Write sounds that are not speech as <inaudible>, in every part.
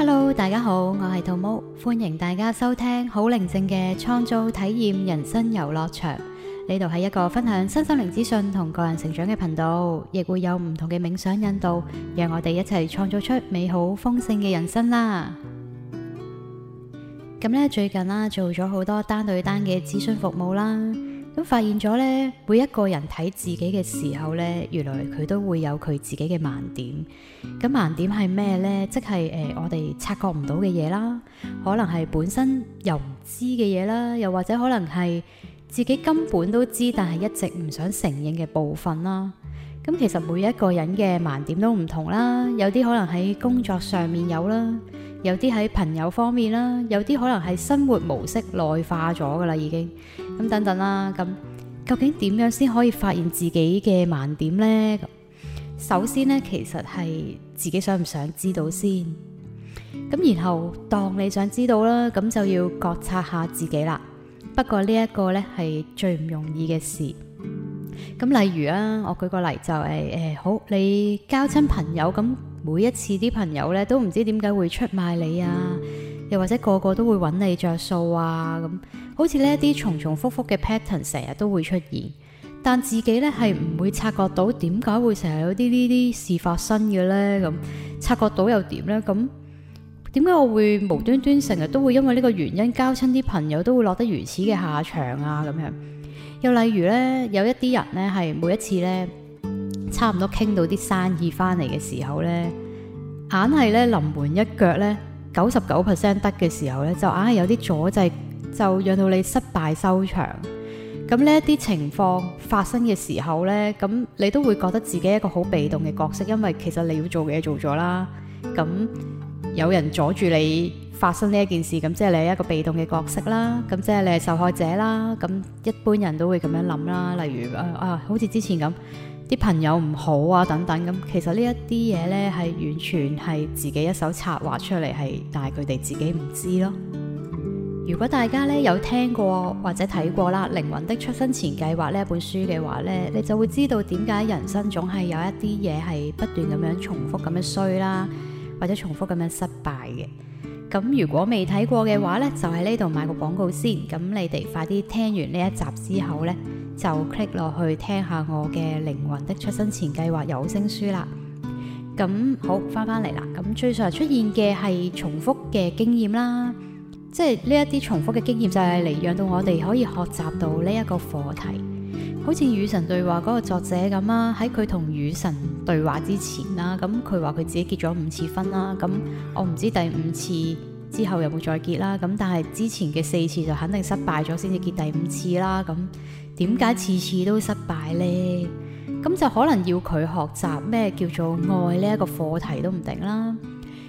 Hello，大家好，我係兔毛，歡迎大家收聽好寧靜嘅創造體驗人生遊樂場。呢度係一個分享身心靈資訊同個人成長嘅頻道，亦會有唔同嘅冥想引導，讓我哋一齊創造出美好豐盛嘅人生啦。咁咧最近啦，做咗好多單對單嘅諮詢服務啦。咁發現咗咧，每一個人睇自己嘅時候咧，原來佢都會有佢自己嘅盲點。咁盲點係咩咧？即係誒、呃，我哋察覺唔到嘅嘢啦，可能係本身又唔知嘅嘢啦，又或者可能係自己根本都知，但係一直唔想承認嘅部分啦。咁其實每一個人嘅盲點都唔同啦，有啲可能喺工作上面有啦。有啲喺朋友方面啦，有啲可能係生活模式內化咗噶啦，已經咁等等啦。咁究竟點樣先可以發現自己嘅盲點呢？首先咧，其實係自己想唔想知道先。咁然後當你想知道啦，咁就要覺察下自己啦。不過呢一個咧係最唔容易嘅事。咁例如啊，我舉個例就誒誒，好你交親朋友咁。每一次啲朋友咧都唔知點解會出賣你啊，嗯、又或者個個都會揾你着數啊咁、嗯，好似呢一啲重重複複嘅 pattern 成日都會出現，但自己咧係唔會察覺到點解會成日有啲呢啲事發生嘅咧咁，察覺到又點咧咁？點解我會無端端成日都會因為呢個原因交親啲朋友都會落得如此嘅下場啊咁樣？又例如咧，有一啲人咧係每一次咧。差唔多傾到啲生意翻嚟嘅時候呢，硬係呢臨門一腳呢，九十九 percent 得嘅時候呢，就硬係有啲阻滯，就讓到你失敗收場。咁呢一啲情況發生嘅時候呢，咁你都會覺得自己一個好被動嘅角色，因為其實你要做嘅嘢做咗啦，咁。有人阻住你發生呢一件事，咁即係你係一個被動嘅角色啦，咁即係你係受害者啦。咁一般人都會咁樣諗啦，例如啊、啊，好似之前咁啲朋友唔好啊等等咁。其實呢一啲嘢呢，係完全係自己一手策劃出嚟，係但係佢哋自己唔知咯。 <noise> 如果大家呢有聽過或者睇過啦《靈魂的出生前計劃》呢一本書嘅話呢，你就會知道點解人生總係有一啲嘢係不斷咁樣重複咁樣衰啦。或者重複咁樣失敗嘅。咁如果未睇過嘅話呢，就喺呢度買個廣告先。咁你哋快啲聽完呢一集之後呢，就 click 落去聽下我嘅《靈魂的出生前計劃》有聲書啦。咁好翻翻嚟啦。咁最常出現嘅係重複嘅經驗啦，即係呢一啲重複嘅經驗就係嚟讓到我哋可以學習到呢一個課題。好似與神對話嗰個作者咁啊，喺佢同與神對話之前啦，咁佢話佢自己結咗五次婚啦，咁我唔知第五次之後有冇再結啦，咁但係之前嘅四次就肯定失敗咗先至結第五次啦，咁點解次次都失敗呢？咁就可能要佢學習咩叫做愛呢一個課題都唔定啦。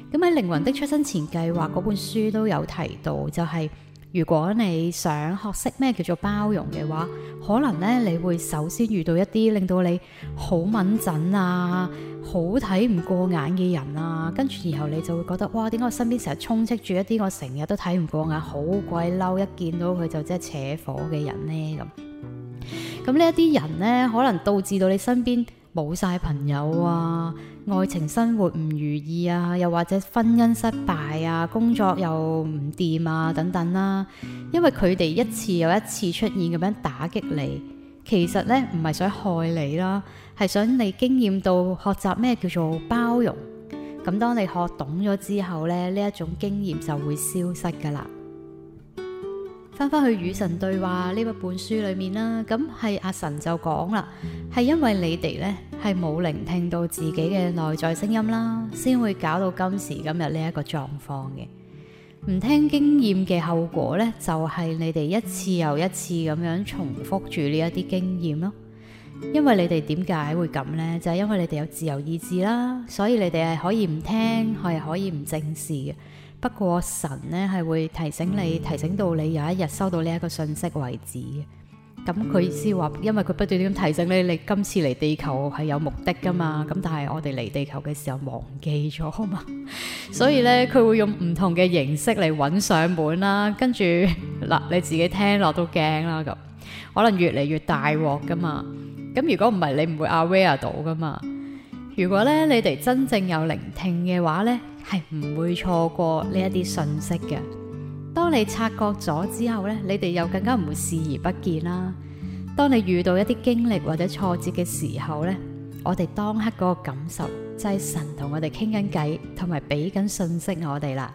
咁喺靈魂的出生前計劃嗰本書都有提到，就係、是。如果你想學識咩叫做包容嘅話，可能咧你會首先遇到一啲令到你好敏陣啊，好睇唔過眼嘅人啊，跟住然後你就會覺得哇，點解我身邊成日充斥住一啲我成日都睇唔過眼，好鬼嬲，一見到佢就即係扯火嘅人呢？」咁？咁呢一啲人咧，可能導致到你身邊冇晒朋友啊。愛情生活唔如意啊，又或者婚姻失敗啊，工作又唔掂啊，等等啦、啊。因為佢哋一次又一次出現咁樣打擊你，其實咧唔係想害你啦，係想你經驗到學習咩叫做包容。咁當你學懂咗之後咧，呢一種經驗就會消失㗎啦。翻翻去與神對話呢一本書裏面啦，咁係阿神就講啦，係因為你哋呢係冇聆聽到自己嘅內在聲音啦，先會搞到今時今日呢一個狀況嘅。唔聽經驗嘅後果呢，就係你哋一次又一次咁樣重複住呢一啲經驗咯。因為你哋點解會咁呢？就係因為你哋有自由意志啦，所以你哋係可以唔聽，係可以唔正視嘅。不過神咧係會提醒你，提醒到你有一日收到呢一個信息為止嘅。咁佢意思話，因為佢不斷咁提醒你，你今次嚟地球係有目的噶嘛。咁但係我哋嚟地球嘅時候忘記咗啊嘛， <laughs> 所以咧佢會用唔同嘅形式嚟揾上門啦。跟住嗱，你自己聽落都驚啦咁，可能越嚟越大鑊噶嘛。咁如果唔係你唔會 Aware 到噶嘛。如果咧你哋真正有聆聽嘅話咧。係唔會錯過呢一啲信息嘅。當你察覺咗之後呢，你哋又更加唔會視而不見啦。當你遇到一啲經歷或者挫折嘅時候呢，我哋當刻嗰個感受，就，就係神同我哋傾緊偈，同埋俾緊信息我哋啦。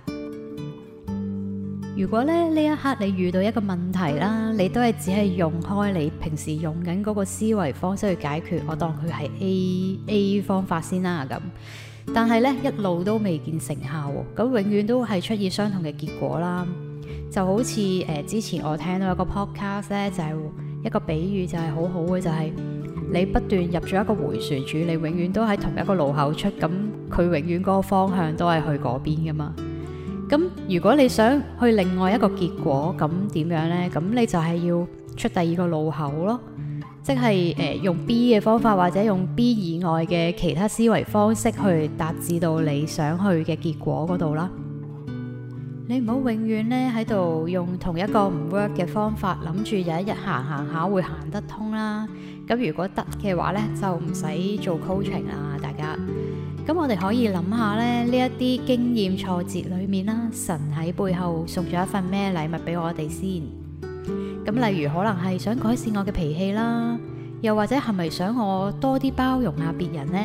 如果咧呢一刻你遇到一個問題啦，你都係只係用開你平時用緊嗰個思維方式去解決，我當佢係 A A 方法先啦咁。但係咧，一路都未見成效，咁、嗯、永遠都係出現相同嘅結果啦。就好似誒、呃、之前我聽到一個 podcast 咧，就係、是、一個比喻就係好好嘅，就係、是、你不斷入咗一個迴旋處，你永遠都喺同一個路口出，咁、嗯、佢永遠嗰個方向都係去嗰邊㗎嘛。咁、嗯、如果你想去另外一個結果，咁、嗯、點樣咧？咁、嗯、你就係要出第二個路口咯。即係誒、呃，用 B 嘅方法或者用 B 以外嘅其他思維方式去達至到你想去嘅結果嗰度啦。你唔好永遠咧喺度用同一個唔 work 嘅方法，諗住有一日行行下會行得通啦。咁如果得嘅話咧，就唔使做 coaching 啦，大家。咁我哋可以諗下咧，呢一啲經驗挫折裏面啦，神喺背後送咗一份咩禮物俾我哋先。咁例如可能係想改善我嘅脾氣啦，又或者係咪想我多啲包容下別人呢？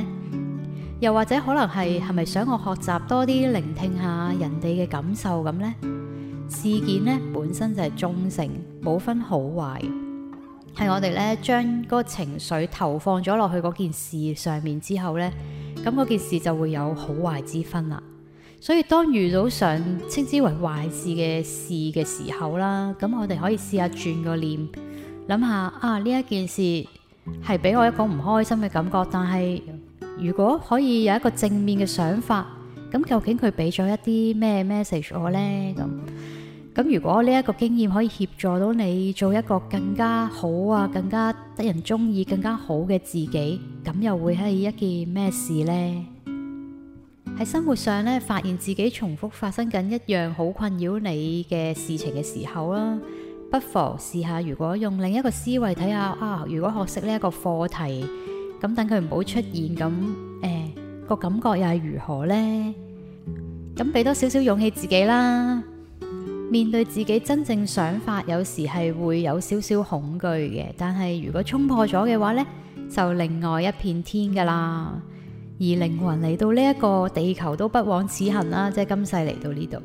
又或者可能係係咪想我學習多啲聆聽下人哋嘅感受咁呢？事件呢本身就係中性，冇分好壞，係我哋呢將嗰個情緒投放咗落去嗰件事上面之後呢，咁嗰件事就會有好壞之分啦。所以，當遇到想稱之為壞事嘅事嘅時候啦，咁我哋可以試下轉個念，諗下啊呢一件事係俾我一個唔開心嘅感覺，但係如果可以有一個正面嘅想法，咁究竟佢俾咗一啲咩 message 我呢？咁咁如果呢一個經驗可以協助到你做一個更加好啊、更加得人鍾意、更加好嘅自己，咁又會係一件咩事呢？喺生活上咧，發現自己重複發生緊一樣好困擾你嘅事情嘅時候啦，不妨試下如果用另一個思維睇下啊，如果學識呢一個課題，咁等佢唔好出現咁，誒個、欸、感覺又係如何呢？咁俾多少少勇氣自己啦，面對自己真正想法，有時係會有少少恐懼嘅，但係如果衝破咗嘅話呢，就另外一片天噶啦。而靈魂嚟到呢一個地球都不枉此行啦，即係今世嚟到呢度。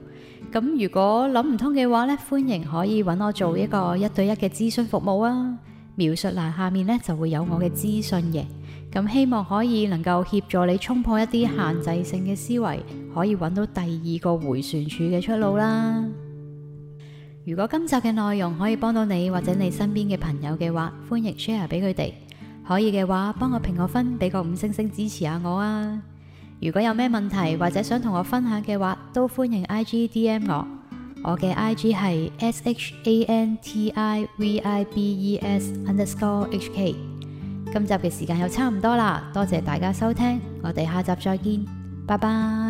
咁如果諗唔通嘅話呢，歡迎可以揾我做一個一對一嘅諮詢服務啊。描述欄下面呢就會有我嘅資訊嘅。咁希望可以能夠協助你衝破一啲限制性嘅思維，可以揾到第二個迴旋處嘅出路啦。如果今集嘅內容可以幫到你或者你身邊嘅朋友嘅話，歡迎 share 俾佢哋。可以嘅話，幫我評個分，俾個五星星支持下我啊！如果有咩問題或者想同我分享嘅話，都歡迎 IG DM 我。我嘅 IG 係 SHANTIVIBES underscore HK。今集嘅時間又差唔多啦，多謝大家收聽，我哋下集再見，拜拜。